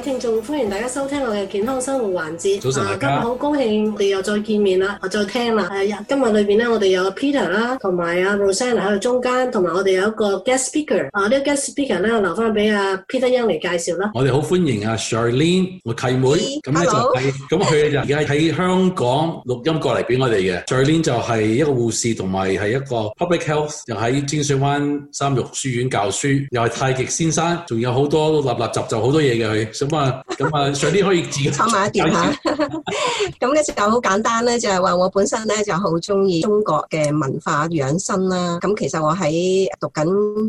聽眾歡迎大家收聽我嘅健康生活環節。早晨大家今日好高興我哋又再見面啦，又再聽啦。今日裏邊咧，我哋有 Peter 啦，同埋阿 Rosanna 喺中間，同埋我哋有一個 guest speaker。啊，呢個 guest speaker 咧，我留翻俾阿 Peter Yang 嚟介紹啦。我哋好歡迎阿 Charlene，我契妹。咁你好，咁佢就而家喺香港錄音過嚟俾我哋嘅。Charlene 就係一個護士，同埋係一個 public health，又喺尖水灣三育書院教書，又係太極先生，仲有好多立立雜雜好多嘢嘅佢。咁、 嗯、啊，上啲可以接，插埋 一段吓。咁 咧就好簡單咧，就係話我本身咧就好中意中國嘅文化養生啦。咁其實我喺讀緊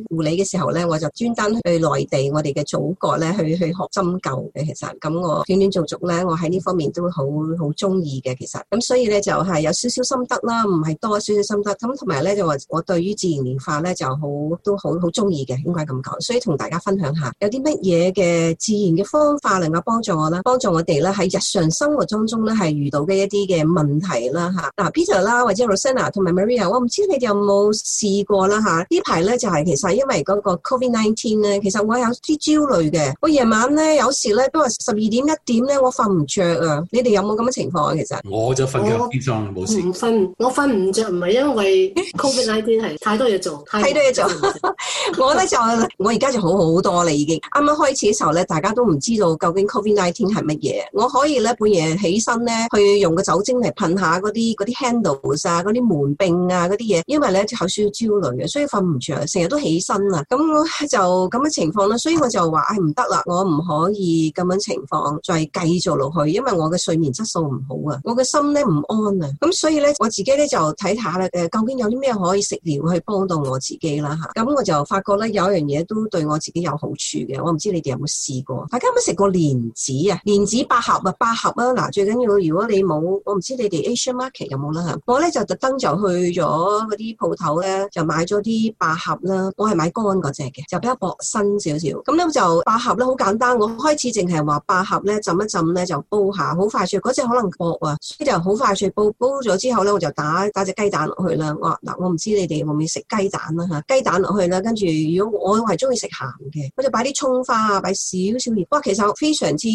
護理嘅時候咧，我就專登去內地，我哋嘅祖國咧去去學針灸嘅。其實咁我斷斷續續咧，我喺呢方面都好好中意嘅。其實咁所以咧就係有少少心得啦，唔係多少少心得。咁同埋咧就話我對於自然文化咧就好都好好中意嘅。應該咁講，所以同大家分享下有啲乜嘢嘅自然嘅方化，能夠，幫助我啦，幫助我哋啦，喺日常生活當中咧，係遇到嘅一啲嘅問題啦嚇。嗱，Peter 啦，或者 Rosanna 同埋 Maria，我唔知你哋有冇試過啦嚇。呢排咧就係其實因為嗰個 COVID nineteen 咧，19, 其實我有啲焦慮嘅。我夜晚咧有時咧都係十二點一點咧，我瞓唔着啊。你哋有冇咁嘅情況啊？其實我就瞓着，平常冇事。唔瞓，我瞓唔着唔係因為 COVID nineteen 係太多嘢做，太多嘢做。 我咧就我而家就好好多啦，已經啱啱開始嘅時候咧，大家都唔知。究竟 Covid Nineteen 係乜嘢？我可以咧半夜起身咧，去用個酒精嚟噴下嗰啲嗰啲 handles 啊，嗰啲門柄啊，嗰啲嘢，因為咧有少少焦慮嘅，所以瞓唔着，成日都起身啊。咁、嗯、就咁嘅情況啦，所以我就話唉，唔、哎、得啦，我唔可以咁樣情況再繼續落去，因為我嘅睡眠質素唔好啊，我嘅心咧唔安啊。咁、嗯、所以咧我自己咧就睇下啦，誒，究竟有啲咩可以食療去幫到我自己啦嚇。咁、嗯、我就發覺咧有一樣嘢都對我自己有好處嘅，我唔知你哋有冇試過，大家食個蓮子啊，蓮子百合啊，百合啊，嗱，最緊要如果你冇，我唔知你哋 Asian market 有冇啦吓。我咧就特登就去咗嗰啲鋪頭咧，就買咗啲百合啦。我係買乾嗰隻嘅，就比較薄身少少。咁咧就百合咧好簡單，我開始淨係話百合咧浸一浸咧就煲下，好快脆。嗰隻可能薄啊，所以就好快脆煲。煲咗之後咧，我就打打隻雞蛋落去啦。我話嗱，我唔知你哋可唔可以食雞蛋啦吓，雞蛋落去啦，跟住如果我係中意食鹹嘅，我就擺啲蔥花啊，擺少少鹽。哇，其實就非常之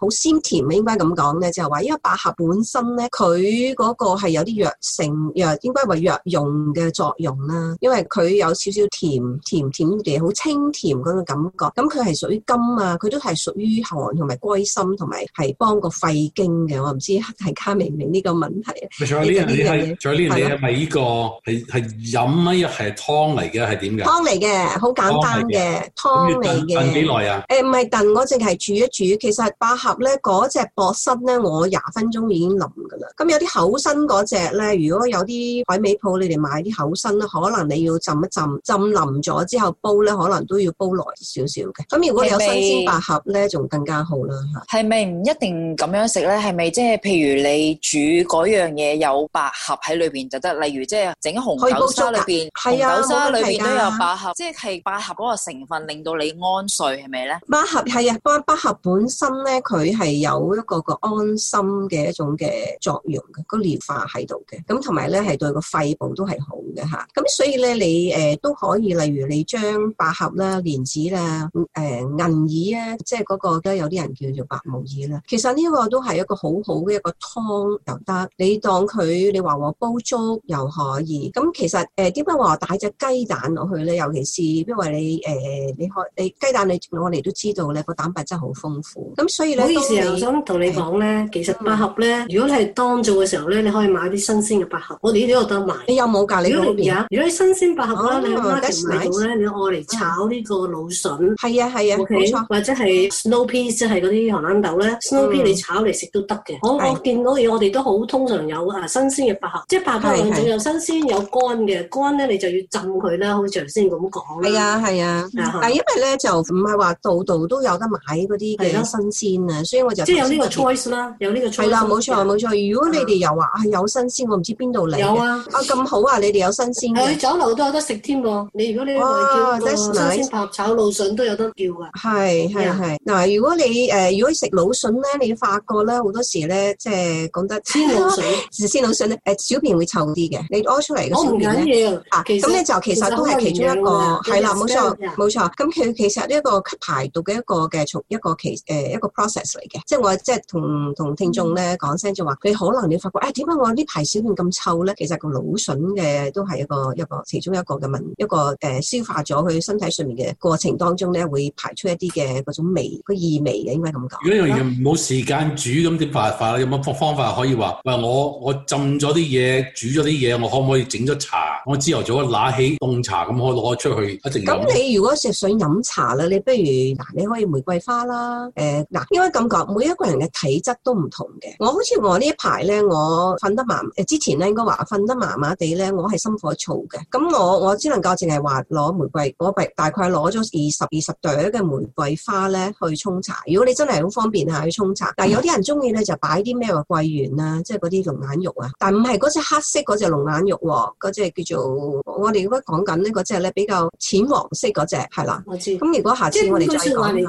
好鮮甜啊，應該咁講咧，就係話因為百合本身咧，佢嗰個係有啲藥性，藥應該話藥用嘅作用啦。因為佢有少少甜，甜甜嘅，好清甜嗰個感覺。咁佢係屬於甘啊，佢都係屬於寒同埋歸心，同埋係幫個肺經嘅。我唔知大家明唔明呢個問題？仲有呢樣嘢係仲有呢樣，係依個係係飲啊又係湯嚟嘅，係點嘅湯嚟嘅，好簡單嘅湯嚟嘅。燉幾耐啊？誒唔係燉嗰隻係煮一煮，其實百合咧嗰隻薄身咧，我廿分鐘已經腍㗎喇。咁有啲厚身嗰隻咧，如果有啲海味鋪，你哋買啲厚身咧，可能你要浸一浸，浸腍咗之後煲咧，可能都要煲耐少少嘅。咁如果有新鮮百合咧，仲更加好啦。係咪唔一定咁樣食咧？係咪即係譬如你煮嗰樣嘢有百合喺裏邊就得？例如即係整紅豆沙裏邊，紅豆沙裏邊都有百合，啊、即係百合嗰個成分令到你安睡係咪咧？百合係啊。百合本身咧，佢係有一個一個安心嘅一種嘅作用嘅，個療化喺度嘅。咁同埋咧係對個肺部都係好嘅嚇。咁、啊、所以咧，你誒、呃、都可以，例如你將百合啦、蓮子啦、誒、呃、銀耳啊，即係嗰、那個都有啲人叫做白木耳啦。其實呢個都係一個好好嘅一個湯又得，你當佢你話我煲粥又可以。咁、啊、其實誒點解話打隻雞蛋落去咧？尤其是因為你誒、呃、你開你雞蛋，你我哋都知道咧、那個蛋白。真係好豐富。咁所以咧，唔好意思啊，想同你講咧，其實百合咧，如果你係當做嘅時候咧，你可以買啲新鮮嘅百合。我哋呢度有得買。你有冇咖喱老，如果你新鮮百合啦，你阿媽同你買到咧，你愛嚟炒呢個蘆筍。係啊係啊，冇錯。或者係 snow peas，即係嗰啲荷蘭豆咧，snow peas 你炒嚟食都得嘅。我我見到嘢，我哋都好通常有啊，新鮮嘅百合，即係百合兩種，有新鮮有乾嘅。乾咧，你就要浸佢啦，好似頭先咁講。係啊係啊，但係因為咧就唔係話度度都有得買。嗰啲幾多新鮮啊！所以我就即係有呢個 choice 啦，有呢個係啦，冇錯冇錯。如果你哋又話啊有新鮮，我唔知邊度嚟。有啊啊咁好啊！你哋有新鮮嘅酒樓都有得食添。你如果你叫新鮮扒炒蘆筍都有得叫啊。係係係嗱，如果你誒如果食蘆筍咧，你發覺咧好多時咧即係講得鮮蘆筍，鮮蘆筍咧誒小便會臭啲嘅。你屙出嚟嘅小便咧，咁你就其實都係其中一個係啦，冇錯冇錯。咁佢其實呢一個排毒嘅一個嘅。一個其誒、呃、一個 process 嚟嘅，即係我即係同同聽眾咧講聲，講聲就話佢可能你發覺，誒點解我呢排小便咁臭咧？其實個蘆筍嘅都係一個一個其中一個嘅問，一個誒、呃、消化咗佢身體上面嘅過程當中咧，會排出一啲嘅嗰種味，個異味嘅，應該因為咁講。如果嘢冇時間煮，咁點辦法，有冇方法可以話，喂，我我浸咗啲嘢，煮咗啲嘢，我可唔可以整咗茶？我朝頭早啊，攞起凍茶咁，我攞出去一直飲。咁你如果食水飲茶咧，你不如嗱，你可以玫瑰花啦。誒、呃、嗱，應該咁講，每一個人嘅體質都唔同嘅。我好似我呢排咧，我瞓得麻、呃、之前咧應該話瞓得麻麻地咧，我係心火燥嘅。咁我我只能夠淨係話攞玫瑰，我大大概攞咗二十二十朵嘅玫瑰花咧去沖茶。如果你真係好方便下去沖茶。但係有啲人中意咧，就擺啲咩話桂圓啦，即係嗰啲龍眼肉啊。但唔係嗰隻黑色嗰隻龍眼肉喎，嗰隻叫做。我哋而家講緊呢個即係咧比較淺黃色嗰隻係啦，咁如果下次我哋嚟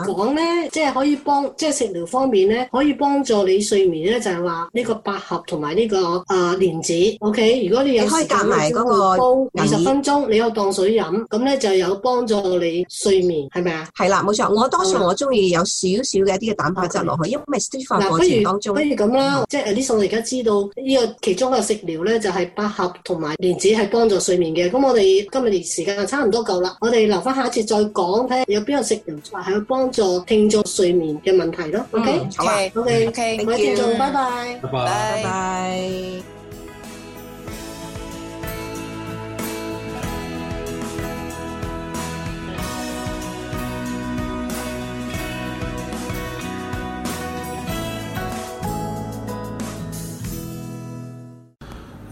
講咧，即係可以幫即係食療方面咧，可以幫助你睡眠咧，就係話呢個百合同埋呢個啊蓮子。O K，如果你有時間咁樣少少煲二十分鐘，你有當水飲，咁咧就有幫助你睡眠，係咪啊？係啦，冇錯。我多數我中意有少少嘅一啲嘅蛋白質落去，因為不如比如咁啦，即係啲餸，我而家知道呢個其中個食療咧，就係百合同埋蓮子係幫助。睡眠嘅，咁我哋今日嘅時間啊差唔多夠啦，我哋留翻下一次再講，睇下有邊個食油話係去幫助聽眾睡眠嘅問題咯，OK，好啦，OK OK，唔該聽眾，拜拜，拜拜，拜拜。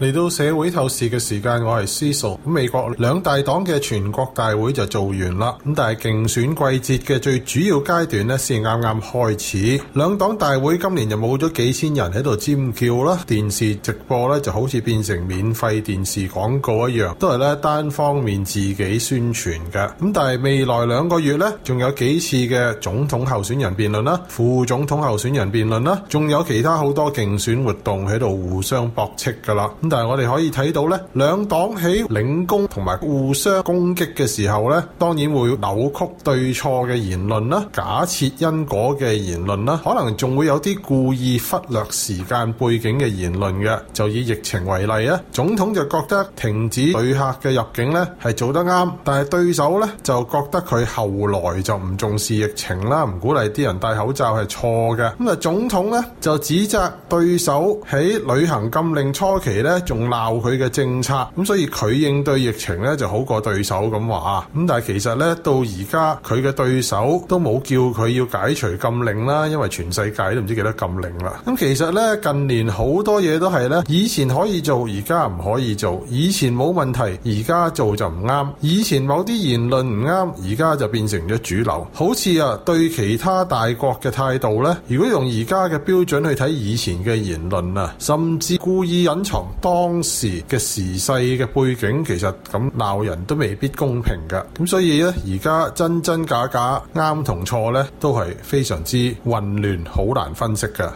嚟到社會透視嘅時間，我係司徒。咁美國兩大黨嘅全國大會就做完啦。咁但係競選季節嘅最主要階段呢，先啱啱開始。兩黨大會今年就冇咗幾千人喺度尖叫啦，電視直播呢就好似變成免費電視廣告一樣，都係咧單方面自己宣傳嘅。咁但係未來兩個月呢，仲有幾次嘅總統候選人辯論啦，副總統候選人辯論啦，仲有其他好多競選活動喺度互相駁斥噶啦。但係我哋可以睇到咧，兩黨喺領工同埋互相攻擊嘅時候咧，當然會扭曲對錯嘅言論啦，假設因果嘅言論啦，可能仲會有啲故意忽略時間背景嘅言論嘅。就以疫情為例啊，總統就覺得停止旅客嘅入境咧係做得啱，但係對手咧就覺得佢後來就唔重視疫情啦，唔鼓勵啲人戴口罩係錯嘅。咁啊，總統咧就指責對手喺旅行禁令初期咧。仲鬧佢嘅政策，咁所以佢應對疫情咧就好過對手咁話啊！咁但係其實咧到而家佢嘅對手都冇叫佢要解除禁令啦，因為全世界都唔知幾多禁令啦。咁其實咧近年好多嘢都係咧，以前可以做而家唔可以做，以前冇問題而家做就唔啱，以前某啲言論唔啱而家就變成咗主流。好似啊對其他大國嘅態度咧，如果用而家嘅標準去睇以前嘅言論啊，甚至故意隱藏。當時嘅時勢嘅背景，其實咁鬧人都未必公平㗎。咁所以呢，而家真真假假、啱同錯呢，都係非常之混亂，好難分析㗎。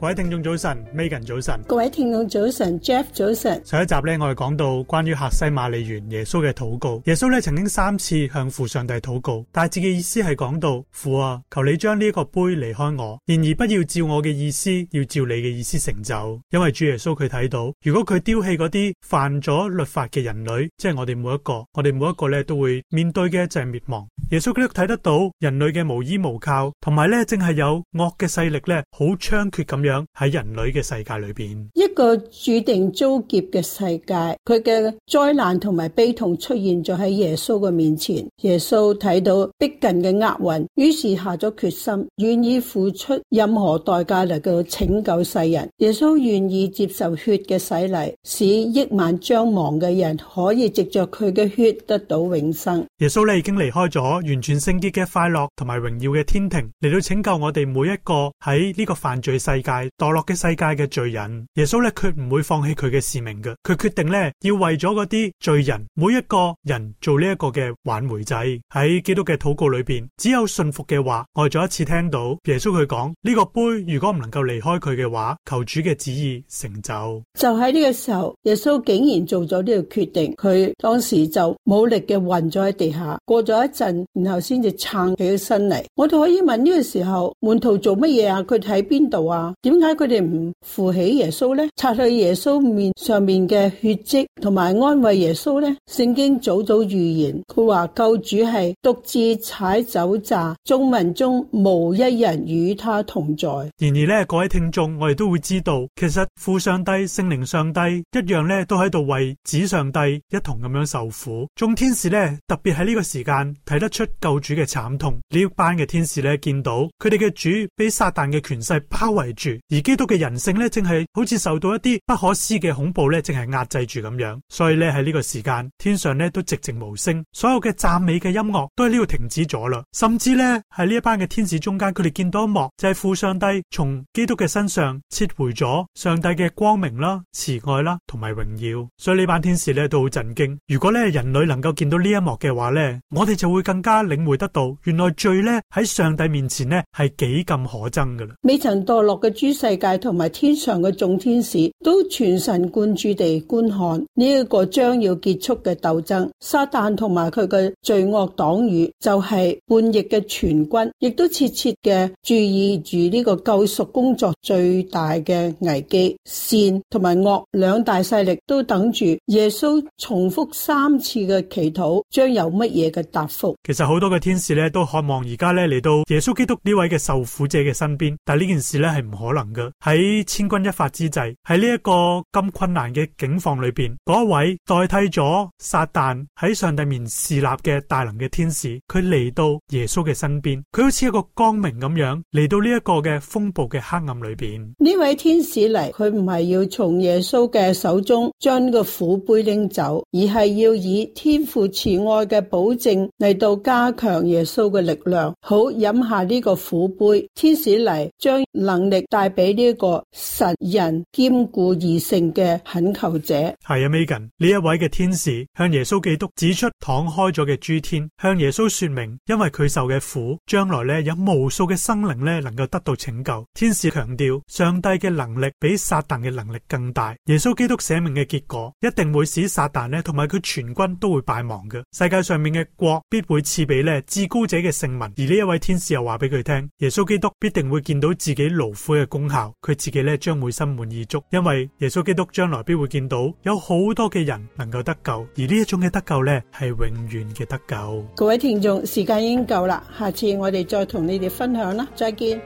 各位聽眾早晨，Megan 早晨，各位聽眾早晨，Jeff 早晨。上一集咧，我哋講到關於客西馬尼園耶穌嘅禱告。耶穌咧曾經三次向父上帝禱告，大致嘅意思係講到父啊，求你將呢個杯離開我，然而不要照我嘅意思，要照你嘅意思成就。因為主耶穌佢睇到，如果佢丟棄嗰啲犯咗律法嘅人類，即係我哋每一個，我哋每一個咧都會面對嘅就係滅亡。耶穌佢都睇得到人類嘅無依無靠，同埋咧正係有惡嘅勢力咧好猖獗咁樣。喺人類嘅世界裏邊，一個注定遭劫嘅世界，佢嘅災難同埋悲痛出現咗喺耶穌嘅面前。耶穌睇到逼近嘅厄運，於是下咗決心，願意付出任何代價嚟到拯救世人。耶穌願意接受血嘅洗禮，使億萬將亡嘅人可以藉着佢嘅血得到永生。耶穌呢已經離開咗完全聖潔嘅快樂同埋榮耀嘅天庭，嚟到拯救我哋每一個喺呢個犯罪世界。墮落嘅世界嘅罪人，耶穌咧，決唔會放棄佢嘅使命嘅。佢決定咧，要為咗嗰啲罪人每一個人做呢一個嘅挽回祭。喺基督嘅禱告裏邊，只有信服嘅話，我再一次聽到耶穌佢講呢個杯，如果唔能夠離開佢嘅話，求主嘅旨意成就。就喺呢個時候，耶穌竟然做咗呢個決定，佢當時就冇力嘅暈咗喺地下，過咗一陣，然後先至撐起身嚟。我都可以問呢個時候門徒做乜嘢啊？佢喺邊度啊？點解佢哋唔扶起耶穌呢？擦去耶穌面上面嘅血跡，同埋安慰耶穌呢。聖經早早預言，佢話救主係獨自踩酒榨，眾民中無一人與他同在。然而呢，各位聽眾，我哋都會知道，其實父上帝、聖靈上帝一樣呢都喺度為子上帝一同咁樣受苦。眾天使呢，特別喺呢個時間睇得出救主嘅慘痛。呢班嘅天使呢，見到佢哋嘅主被撒旦嘅權勢包圍住。而基督嘅人性咧，正係好似受到一啲不可思議嘅恐怖咧，正係壓制住咁樣。所以咧，喺呢個時間，天上咧都寂靜無聲，所有嘅讚美嘅音樂都喺呢度停止咗啦。甚至咧喺呢一班嘅天使中間，佢哋見到一幕就係父上帝從基督嘅身上撤回咗上帝嘅光明啦、慈愛啦、同埋榮耀。所以呢班天使咧都好震驚。如果咧人類能夠見到呢一幕嘅話咧，我哋就會更加領會得到，原來罪咧喺上帝面前咧係幾咁可憎噶啦。未曾墮落嘅主世界同埋天上嘅眾天使都全神貫注地觀看呢一個將要結束嘅鬥爭，撒旦同埋佢嘅罪惡黨羽就係叛逆嘅全軍，亦都切切嘅注意住呢個救贖工作最大嘅危機。善同埋惡兩大勢力都等住耶穌重複三次嘅祈禱，將有乜嘢嘅答覆？其實好多嘅天使咧都渴望而家咧嚟到耶穌基督呢位嘅受苦者嘅身邊，但係呢件事咧係唔可能。嘅喺千鈞一髮之際，喺呢一個咁困難嘅境況裏邊，嗰一位代替咗撒旦喺上帝面侍立嘅大能嘅天使，佢嚟到耶穌嘅身邊，佢好似一個光明咁樣嚟到呢一個嘅風暴嘅黑暗裏邊。呢位天使嚟，佢唔係要從耶穌嘅手中將個苦杯拎走，而係要以天父慈愛嘅保證嚟到加強耶穌嘅力量，好飲下呢個苦杯。天使嚟，將能力帶俾呢一個神人兼顧異性嘅懇求者，係啊，Megan 呢一位嘅天使向耶穌基督指出敞開咗嘅諸天，向耶穌說明，因為佢受嘅苦，將來呢有無數嘅生靈呢能夠得到拯救。天使強調，上帝嘅能力比撒旦嘅能力更大。耶穌基督捨命嘅結果，一定會使撒旦呢同埋佢全軍都會敗亡嘅。世界上面嘅國必會賜俾呢至高者嘅聖民。而呢一位天使又話俾佢聽，耶穌基督必定會見到自己勞苦嘅。功效，佢自己咧將會心滿意足，因為耶穌基督將來必會見到有好多嘅人能夠得救，而呢一種嘅得救咧係永遠嘅得救。各位聽眾，時間已經夠啦，下次我哋再同你哋分享啦，再見。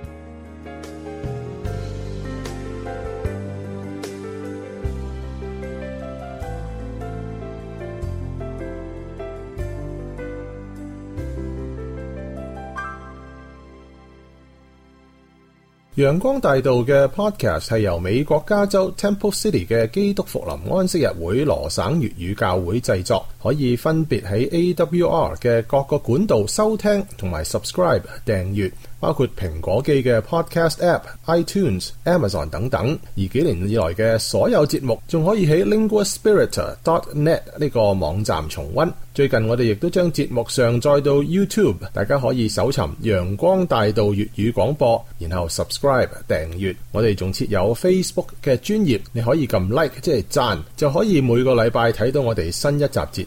陽光大道嘅 podcast 係由美國加州 Temple City 嘅基督復臨安息日會羅省粵語教會製作。可以分別喺 A W R 嘅各個管道收聽同埋 subscribe 訂閱，包括蘋果機嘅 Podcast App、iTunes、Amazon 等等。而幾年以來嘅所有節目，仲可以喺 linguaspirit dot net 呢個網站重溫。最近我哋亦都將節目上載到 YouTube，大家可以搜尋《陽光大道粵語廣播》，然後 subscribe 訂閱。我哋仲設有 Facebook 嘅專頁，你可以撳 like 即係讚，就可以每個禮拜睇到我哋新一集節